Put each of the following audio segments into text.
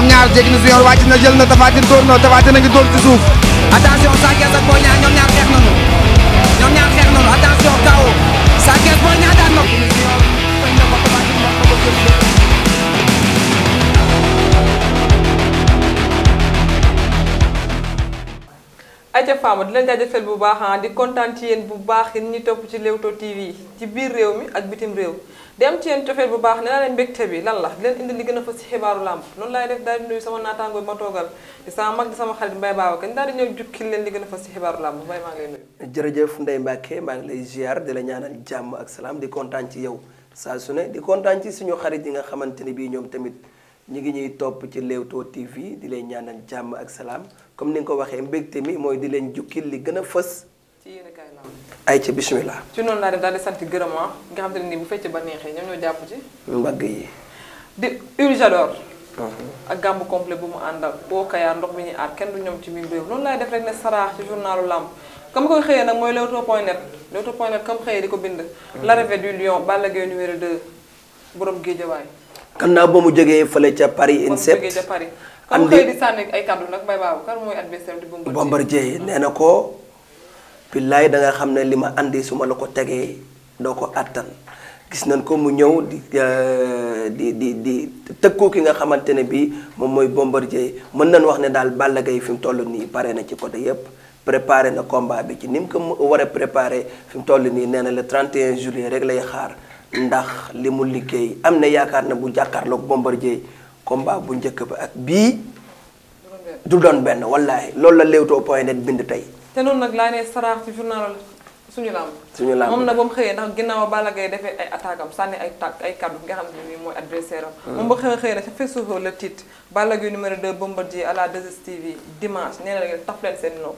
ñoom ñaar jéggi na si yoon wàcc na jël na Tapha Tine dóor na Tapha Tine a ngi dóor ci suuf attention Sa Thiès ak Boy Niang ñoom ñaar xeex jaajëf Fama di leen jaajëfal bu baax ah, di kontaan ci yéen bu baax yéen ñi topp ci Leewtoo TV ci biir réew mi ak bitim réew di am bu baax nee naa leen mbégte bi lan la di leen gën a fës ci xibaaru làmb noonu laay def daal di nuyu sama naataangoo ma toogal di sama mag di sama xarit Mbaye Babacar ñu daal di ñëw leen li gën a fës ci xibaaru làmb maa ngi lay jërëjëf Ndeye Mbacke maa ngi lay di la ñaanal jàmm ak salaam di kontaan ci yow saa su ne di kontaan ci suñu xarit yi nga xamante ne bii ñoom tamit ñu ngi ñuy topp ci Leewtoo TV di lay ñaanal jàmm ak salaam comme ni nga ko waxee mbégte mi mooy di leen jukkil li gën a fës. ci yéen kay la ay ca bismillah. ci noonu laa def daal di sant gërëm ah nga xam te ne nii bu fekkee ba neexee ñoom jàpp ci. mbagg yi. di huile uh-huh. bu mu ànd ak boo kayaar ndox mi ñuy aar kenn du ñoom ci biir réew noonu laay def rek ne saraax ci journalu làmb comme koy xëyee nag mooy Leewtoo point net Leewtoo point net comme xëyee di ko bind. Uh-huh. l'arrivée du lion Balla Gaye numéro 2 borom Géejawaay. gannaaw ba mu jógee fële ca Paris INSEP ba mu jógee andi di sànni ay kàddu nag Mbaye Babacar mooy adversaire di Bombardier. Bombardier nee na ko billaay da nga xam ne li ma andi su ma la ko tegee doo ko attan gis nañ ko mu ñëw di euh, di di di tëkku ki nga xamante ne bii moom mooy Bombardier mën nañ wax ne daal Balla Gaye fi mu toll nii pare na ci côté yépp préparé na combat bi ci ni mu ko war a préparé fi mu toll nii nee na le 31 juillet rek lay xaar ndax li mu liggéey am na yaakaar ne bu jàkkaarloog Bombardier. combat bu njëkk ba ak bii. du doon benn wallaahi loolu la Leewtoo point net bind tey. te noonu nag laa ne saraax ci journal suñu lamb. suñu lamb moom nag ba xëyee ndax ginnaaw Balla Gaye defee ay attaque am sànni ay tàkk ay kaddu nga xam mooy adversaire am. Hmm. moom ba xëy xëy na ca Fessoso le titre Balla Gaye numéro 2 Bombardier à la 2STV dimanche nee na la taf leen seen nopp.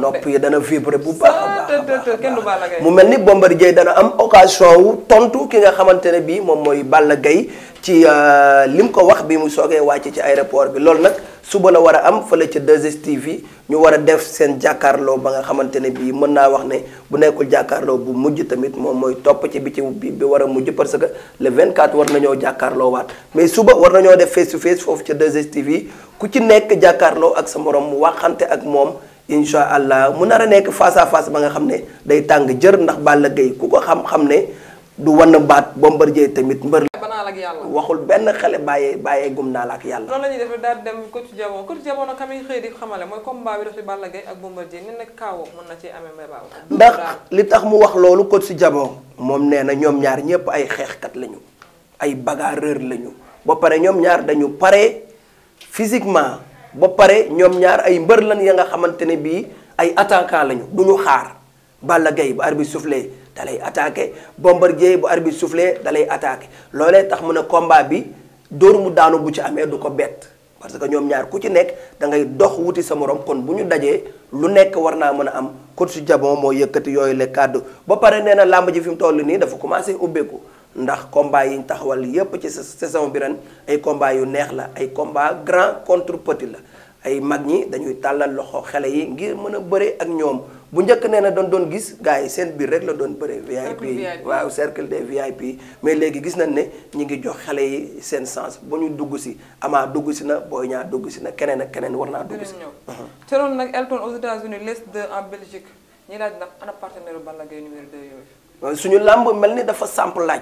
nopp yi dana vibré bu baax ah, mu mel ni Bombardier dana am occasion wu tontu ki nga xamante ne bii moom mooy Balla Gaye ci euh, lim ko wax bi mu soogee wàcc ci aéroport bi loolu nag suba la war a am fële ca 2STV ñu war a def seen jàkkaarloo ba nga xamante ne bii mën naa wax ne bu nekkul jàkkaarloo bu mujj tamit moom mooy topp ci bi ci bi bi war a mujj parce que le 24 war ñoo jàkkaarloo waat mais suba war nañoo def face to face foofu ca 2STV ku ci nekk jàkkaarloo ak sa morom waxante ak moom. incha allah mu nar a nekk face à ba nga xam ne day tàng jër ndax Balla Gaye ku ko xam-xam ne du wan baat Bombardier tamit mbër waxul benn xale bàyyee bàyyee gum naa la ak yàlla loolu la ñuy dem coach jamono coach jamono kam xëy di xamale mooy combat bi dox ci Balla Gaye ak Bombardier ni nag na ci amee mbébaaw ndax li tax mu wax loolu coach jamono moom nee na ñoom ñaar ñëpp ay xeexkat lañu ay bagarreur lañu ba pare ñoom ñaar dañu pare physiquement ba pare ñoom ñaar ay mbër lañ ya nga xamante ne bii ay attaquant lañu du ñu xaar Balla Gaye bu arbitre soufflé da lay attaqué Bombardier bu arbitre soufflé dalay lay attaqué loolee tax mu ne komba bi dóor mu daanu bu ci amee du ko bett parce que ñoom ñaar ku ci nekk da ngay dox wuti sa morom kon bu ñu dajee lu nekk war naa mën a am coach Jabon moo yëkkati yooyu le kàddu ba pare nee na làmb ji fi mu toll nii dafa commencé ubbeeku. ndax combat yi ñu taxawal yépp ci saison bi ren ay combat yu neex la ay combat grand contre petit la ay mag ñi dañuy tàllal loxo xale yi ngir mën a bëre ak ñoom bu njëkk nee na doon doon gis gars yi seen biir rek la doon bëre VIP waaw cercle des VIP mais léegi gis nañ ne ñi ngi jox xale yi seen sens ba ñu dugg si Ama dugg si na Boy ñaa dugg si na keneen ak keneen war naa dugg si ci uh-huh. loolu nag Elton aux États-Unis l'Est de en Belgique ñi laaj suñu làmb mel ni dafa samp laaj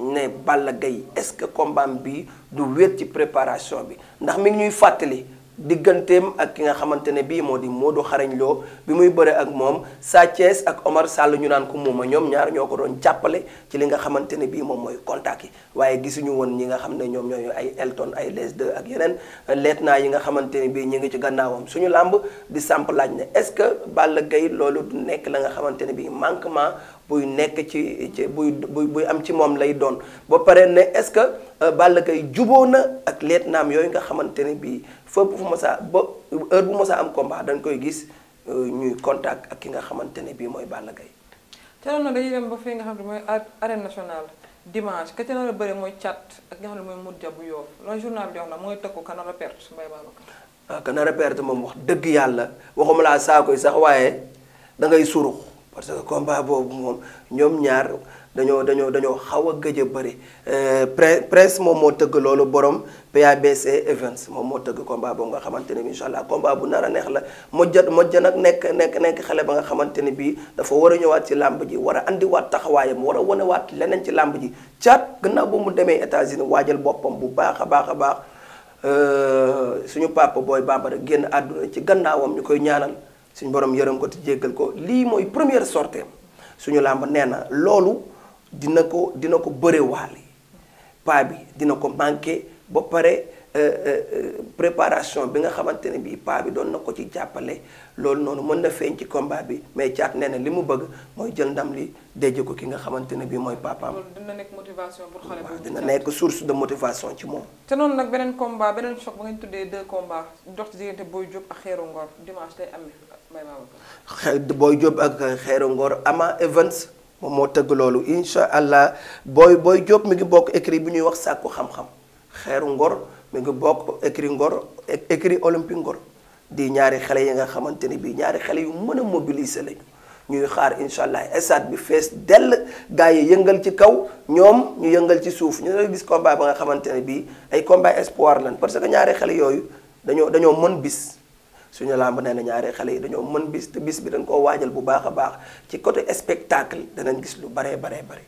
ne Balla Gaye est-ce que combat bi du wér ci préparation bi ndax mi ngi ñuy fàttali digganteem ak ki nga xamante ne bii moo di du Xarañ loo bi muy bëre ak moom Sa ak Omar Sall ñu naan ko muuma ñoom ñaar ñoo ko doon jàppale ci li nga xamante ne bii moom mooy contact yi waaye gisuñu woon ñi nga xam ne ñoom ñooy ay Elton ay Les 2 ak yeneen leet naa yi nga xamante ne bii ñu ngi ci gànnaawam suñu làmb di samp laaj ne est-ce que Balla Gaye loolu du nekk la nga xamante ne bii manquement buy nekk ci ci buy buy buy am ci moom lay doon ba pare ne est-ce que euh, Balla Gaye juboo na ak leet yooyu nga xamante ne bii fépp fu mos a ba bu mos am combat dañ koy gis euh, ñuy contact ak ki nga xamante ne bii mooy Balla Gaye. ca loolu nag dañuy dem ba fii nga xam ne mooy arène nationale dimanche ka ca nar a bëre mooy cat ak nga xam ne mooy mujj bu yoof loolu journal bi di wax nag mooy tëkku ka nar a perte Mbaye Babacar. waaw ah, ka nar a perte moom wax dëgg yàlla waxuma laa saako yi sax waaye da ngay surux parce que combat boobu moom ñoom ñaar. dañoo dañoo dañoo xaw a gëj a bëri euh, prince moom moo tëgg loolu borom PABC Events moom moo tëgg combat boobu nga xamante ne bi incha allah combat bu nar a neex la mojja mojja nag nekk nekk nekk xale ba nga xamante ne bii dafa war a ñëwaat ci làmb ji war a indiwaat taxawaayam war a wanewaat leneen ci làmb ji caat gannaaw bu mu demee États-Unis waajal boppam bu baax a baax a baax euh, suñu papa booy bambara génn àdduna ci gannaawam ñu koy ñaanal suñu borom yërëm ko te jéggal ko lii mooy première sortie suñu làmb nee na loolu dina ko dina ko bëre waale paa bi dina ko manqué ba pare euh, euh, préparation bi nga xamante ne bii paa bi doon na ko ci jàppale loolu noonu mën na feeñ ci combat bi mais caat nee na li mu bëgg mooy jël ndam li déje ko ki nga xamante ne bii mooy papaam. loolu dina nekk motivation pour xale bi dina nekk source de motivation ci moom. te noonu nag beneen combat beneen choc ba ngeen tuddee deux combats dox ci diggante booy Diop ak Xeeru Ngor dimanche lay amee Mbaye Babacar. Boy Diop ak Xeeru ngoor Ama Evans. moom moo tëgg loolu incha allah booy booy Diop mi ngi bokk écrit bi ñuy wax sàkku xam-xam xeeru ngor mi ngi bokk écrit ngor écrit olympique ngor di ñaari xale yi nga xamante ni bii ñaari xale yu mën a mobiliser lañu ñuy xaar incha allah stade bi fees dell gars yi yëngal ci kaw ñoom ñu yëngal ci suuf ñu doon gis combat ba nga xamante ne bii ay combat espoir lan parce que ñaari xale yooyu dañoo dañoo mën bis. suñu làmb nee na ñaari xale yi dañoo mën bis te bis bi dañ koo waajal bu baax a baax ci côté spectacle danañ gis lu baree baree bare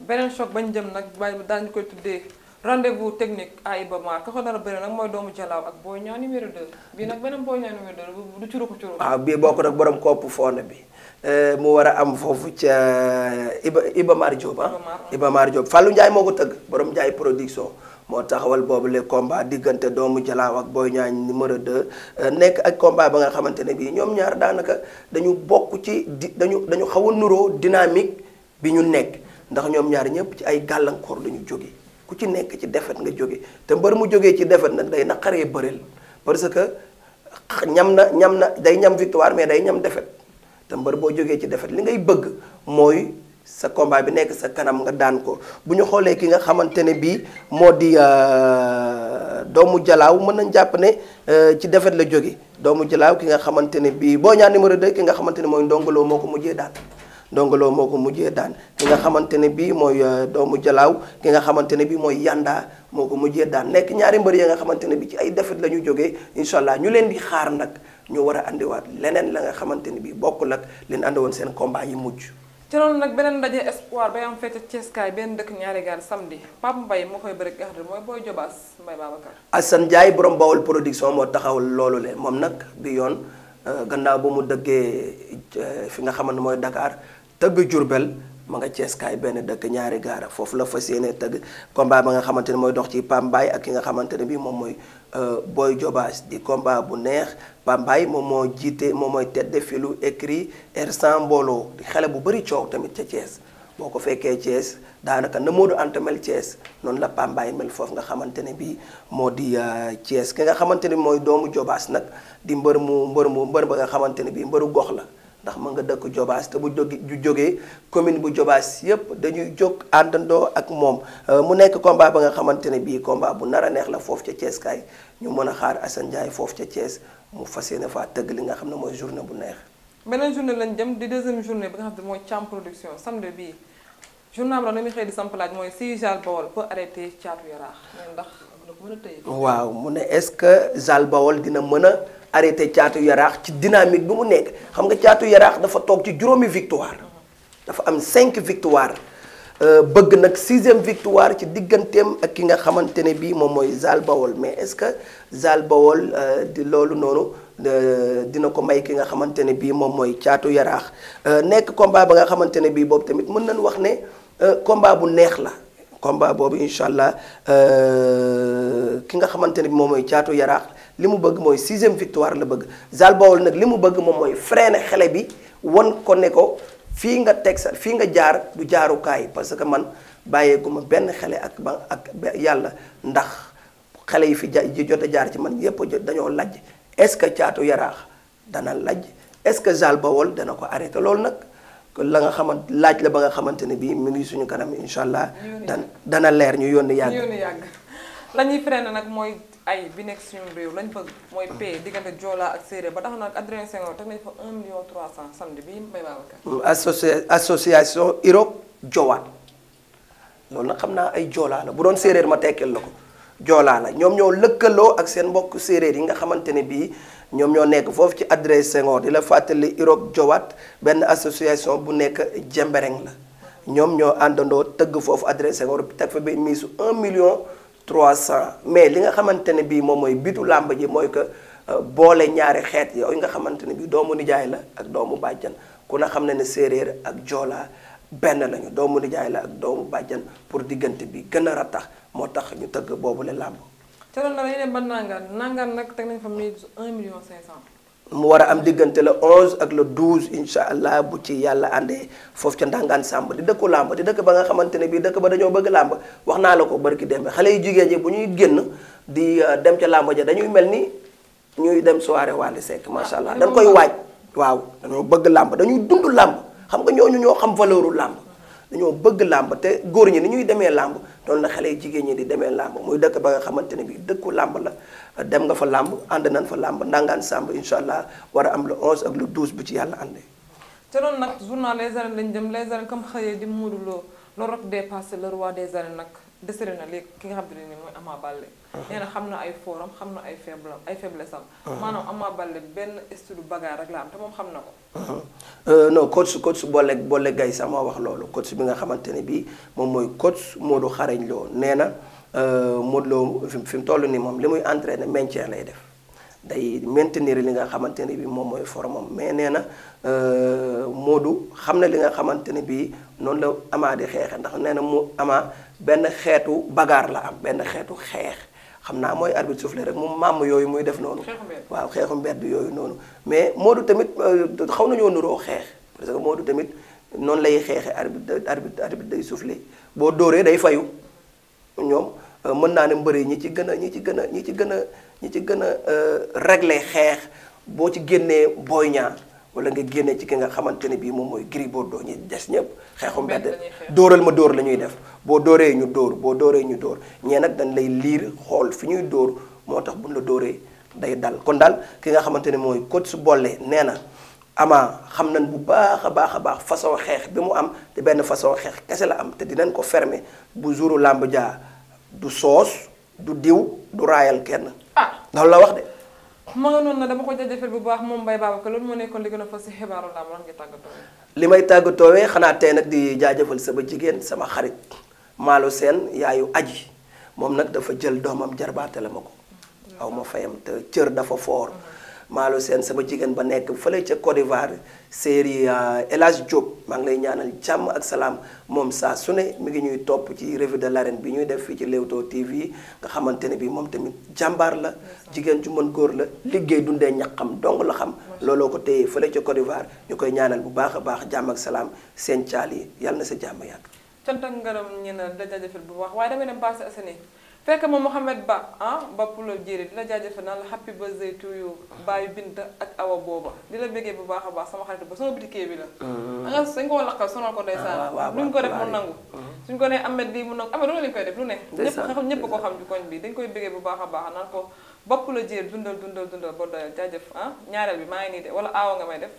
beneen choc bañ jëm nag waaye daañu koy tuddee rendez-vous technique à Iba Mar ka ko nar a bëri nag mooy doomu Jalaaw ak Boy Niang numéro 2 bii nag beneen Boy Niang numéro 2 du curuku curuku. waaw ah, bokk nag borom kopp foone bi eh, mu war a am foofu ca Iba Iba Mar Diop ah. Iba Mar Diop Fallou Ndiaye moo ko tëgg boroom Ndiaye production. moo taxawal boobu le combat diggante doomu jalaaw ak Boy Niang numéro dë euh, nekk ak combat ba nga xamante ne bii ñoom ñaar daanaka dañu bokk ci di dañu dañu xaw a nuroo dynamique bi ñu nekk ndax ñoom ñaar ñëpp ci ay gàllankoor la ñu jóge ku ci nekk ci defet nga jóge te mbër mu jógee ci defet nag day naqaree bëreel parce que ñam na ñam na day ñam victoire mais day ñam defet te mbër boo jógee ci defet li ngay bëgg mooy sa combat bi nekk sa kanam nga daan ko bu ñu xoolee ki nga xamante ne bii moo di euh, doomu jalaaw mën nañ jàpp ne euh, ci defet la jóge doomu jalaaw ki nga xamante ne bii boo ñaar numéro 2 ki nga xamante ne mooy ndongoloo moo ko mujjee daan ndongoloo moo ko mujjee daan ki nga xamante ne bii mooy euh, doomu jalaaw ki nga xamante ne bii mooy yanda moo ko mujjee daan nekk ñaari mbër ya nga xamante ne bii ci ay defet la ñu jógee incha allah ñu leen di xaar nag ñu war a andiwaat leneen la nga xamante ne bii bokkul ak leen àndoon seen combat yi mujj ci loolu nag beneen ndaje espoir bay am fete Ceeskaay benn dëkk ñaari gaal samedi Pape mbay moo koy bëri nga xam ne mooy Boy Jobaas Mbaye Babacar. Assane production moo taxawal loolu le moom nag bi yoon euh, gannaaw ba mu dëggee euh, fi nga xamante mooy Dakar tëgg Jurbel ma nga ceeskaay benn dëkk ñaari gaara foofu la fas yéene tëgg baa ba nga xamante ne mooy dox ci Pambaay ak ki nga xamante ne bii moom mooy Euh, booy Jobaas di combat bu neex Pambaay moom moo jiite moom mooy tête de filu écrit R100 mbooloo di xale bu bëri coow tamit ca Thiès boo ko fekkee Thiès daanaka na Modou Anta mel Thiès noonu la Pambaay mel foofu nga xamante ne bii moo di euh, Thiès ki nga xamante ne mooy doomu Jobaas nag di mbër mu mbër mu mbër ba nga xamante ne bii mbëru gox la. ndax mën nga dëkk Jobaas te bu ju jógee commune bu Jobaas yépp dañuy jóg àndandoo ak moom euh, mu nekk combat ba nga xamante ne bii combat bu nar a neex la foofu ca Thiès kaay ñu mën a xaar Assane Ndiaye foofu ca Thiès mu fas yéene fa tëgg li nga xam ne mooy journée bu neex. beneen journée lañ dem di deuxième journée bi nga xam ne mooy Thiam production samedi bii journal bi nag li xëy di samp laaj mooy si Jal Bawol peut arrêter Thiatou Yaraax ndax. waaw mu ne est-ce que Jal Bawol dina mën a. arrêté caatu yaraax ci dynamique bi mu nekk xam nga caatu yaraax dafa toog ci juróomi victoire dafa am cinq victoire euh, bëgg nag sixième victoire ci digganteem ak ki nga xamante ne bii moom mooy Zal Bawol mais est-ce que Zal Bawol euh, di loolu noonu euh, dina ko may ki nga xamante ne bii moom mooy caatu yaraax nekk combat ba nga xamante ne bii boobu tamit mën nañ wax ne combat bu neex la combat boobu incha allah euh, ki nga xamante ne bi moom mooy caatu yaraax li mu bëgg mooy sixième victoire la bëgg Zal Baol nag li mu bëgg moom mooy freiner xale bi wan ko ne ko fii nga teg sa fii nga jaar du jaarukaay parce que man bàyyeeguma benn xale ak ba ak yàlla ndax xale yi fi ja jot a jaar ci man yépp dañoo lajj est-ce que caatu yaraax dana lajj est-ce que Zal Baol dana ko arrêté loolu nag la nga xamante laaj la ba nga xamante ne bii mu ngi suñu kanam incha allah. dana dana leer ñu yoon yàgg. yónni yàgg la ñuy freiné nag mooy ay bi nekk suñu réew lañ bëgg mooy paix diggante Joola ak Séeréer ba tax na ak Adrien Senghor teg nañ fa 1 million 300 mm, association Europe Jowaat loolu nag xam naa ay Joola la bu doon Séeréer ma tekkil la ko Joola la ñoom ñoo lëkkaloo ak seen mbokk Séeréer yi nga xamante bii. ñoom ñoo nekk foofu ci adresse Senghor di la fàttali Irok Jowaat benn association bu nekk Jembereng la ñoom ñoo àndandoo tëgg foofu adresse Senghor teg fa benn mise su 1 million 300 mais li nga xamante ne bii moom mooy bitu làmb ji mooy que euh, boole ñaari xeet yooyu nga xamante ne bii doomu nijaay la ak doomu bàjjan ku na xam ne ne séeréer ak joolaa benn lañu doomu nijaay la ak doomu bàjjan pour diggante bi gën a ratax moo tax ñu tëgg boobu la làmb te loolu nag dañu dem ba nag teg nañ fa million 500. mu war a am diggante la 11 ak le 12 incha allah bu ci yàlla àndee foofu ca Ndangaan Samb di dëkku làmb di dëkk ba nga xamante ne bii dëkk ba dañoo bëgg làmb wax naa la ko barki dembe xale yu jigéen ñi bu ñuy génn di euh, dem ca làmb ja dañuy mel ni ñuy dem soirée Wally Seck macha allah ah, dañ koy waaj. waaw dañoo bëgg làmb dañuy dund làmb xam nga ñooñu ñoo xam valeuru làmb dañoo bëgg làmb te góor ñi ni ñuy demee làmb lool na xale yu jigéen ñi di demee làmb muy dëkk ba nga xamante ne bi dëkku làmb la dem nga fa làmb ànd nañ fa làmb ndangaan sàmb incha allah war a am le 11 ak le 12 bu ci yàlla àndee. te loolu nag journal les arènes lañ dem les arènes comme xëyee di muurloo loolu rek dépassé le roi des arènes nag. desere na léegi ki nga xam ne nii mooy Ama Baldé. Uh-huh. nee xam na ay forum xam na ay faible ay faiblesse am. Uh-huh. maanaam benn style bagarre rek la am te moom xam na ko. Uh-huh. Euh, non coach coach Bolle Bolle Gueye sax moo wax loolu coach bi nga xamante ne bii moom mooy coach Modou Xarañ Lo nee na euh, Modou Lo fi mu toll nii moom li muy entraîné maintien lay def. day maintenir li nga xamante ne bii moom mooy formam mais nee na euh, Modou xam na li nga xamante ne bii noonu la amaa di xeexe ndax nee na mu Ama. benn xeetu bagaar la am benn xeetu xeex xam naa mooy arbitre soufflé rek mu màmm yooyu muy def noonu waaw xeexu mbedd yooyu noonu mais Modou tamit euh, xaw nañoo nuroo xeex parce que Modou tamit noonu lay xeexe arbitre arbitre arbitre day soufflé boo dóoree day fayu ñoom euh, mën naa ne mbër yi ñi ci gën a ñi ci gën a ñi ci gën a ñi ci gën a euh, réglé xeex boo ci génnee booy ñaar wala nga génne ci ki nga xamante ne bii moom mooy Gris Bordeaux ñi des ñëpp xeexu mbedd dóoral ma dóor lañuy def boo dóoree ñu dóor boo dóoree ñu dóor ñee nag dañ lay liir xool fi ñuy dóor moo tax bu buñ la dóoree day dal kon daal ki nga xamante ne mooy coach su boole nee na ama xam nañ bu baax a baax a baax façon xeex bi mu am te benn façon xeex kese la am te di dinañ ko fermer bu jouru làmb jaa du soos du diw du raayal kenn. ah loolu la wax de. ma nga noonu na dama ko jaajëfal bu baax moom Mbaye Babacar loolu moo nekkoon li gën a fas si xibaaru laa lan nga tàggatoo li may tàggatoowee xanaa tey nag di jaajëfal sama jigéen sama xarit Maalo Seen yaayu aji moom nag dafa jël doomam jarbaate la ma ko mm. aw ma fayam te cër dafa foor mm. Maalo seen sama jigéen ba nekk fële ca Côte d'Ivoire série euh, El Hadj Diop maa ngi lay ñaanal jàmm ak salaam moom saa su ne mu ngi ñuy topp ci revue de l'arène bi ñuy def fii ci Leewtoo TV nga xamante ne bi moom tamit jàmbaar la jigéen ju mën góor la liggéey dundee ñaqam dong la xam looloo ko téye fële ca Côte d'Ivoire ñu koy ñaanal bu baax a baax jàmm ak salaam seen caal yi yàlla na sa jàmm yàgg. cant ak ngërëm ñu ne dañ la bu baax waaye damay dem Basse Assane fekk ma Mouhamed Ba ah ba Pulo Diéré di la jaajëfal naan la happy birthday to you bàyyi bind ak awa booba di la bëggee bu baax a baax sama xarit ba sama bitikee bi la. Mm-hmm. nga dañ koo laqal sonal ko ndeysaan. Ah, waaw luñ ko def mu nangu. Mm-hmm. suñ ko nee Ahmed lii mu nangu Ahmed loolu lañ koy def lu ne. ndeysaan ñëpp ñëpp ko xam ci koñ bi dañ koy bëggee bu baax a baax naan ko ba Pulo Diéré dundal dundal dundal ba doyal jaajëf ah ñaareel bi maa ngi nii de wala aawa nga may def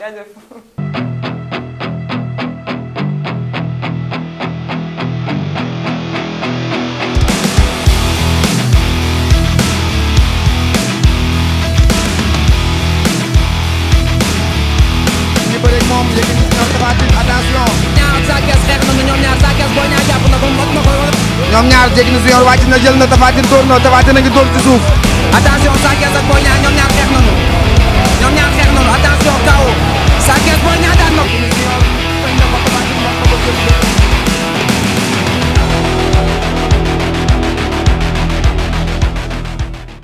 jaajëf. ñoom ñaar jéggi na su yor wàcc jël na tafaatin dóor na tafaatin a ngi dóor ci suuf. attention Sa Thiès ñoom ñaar xeex nañu ñoom ñaar xeex nañu attention kaw Sa Thiès Boy daan na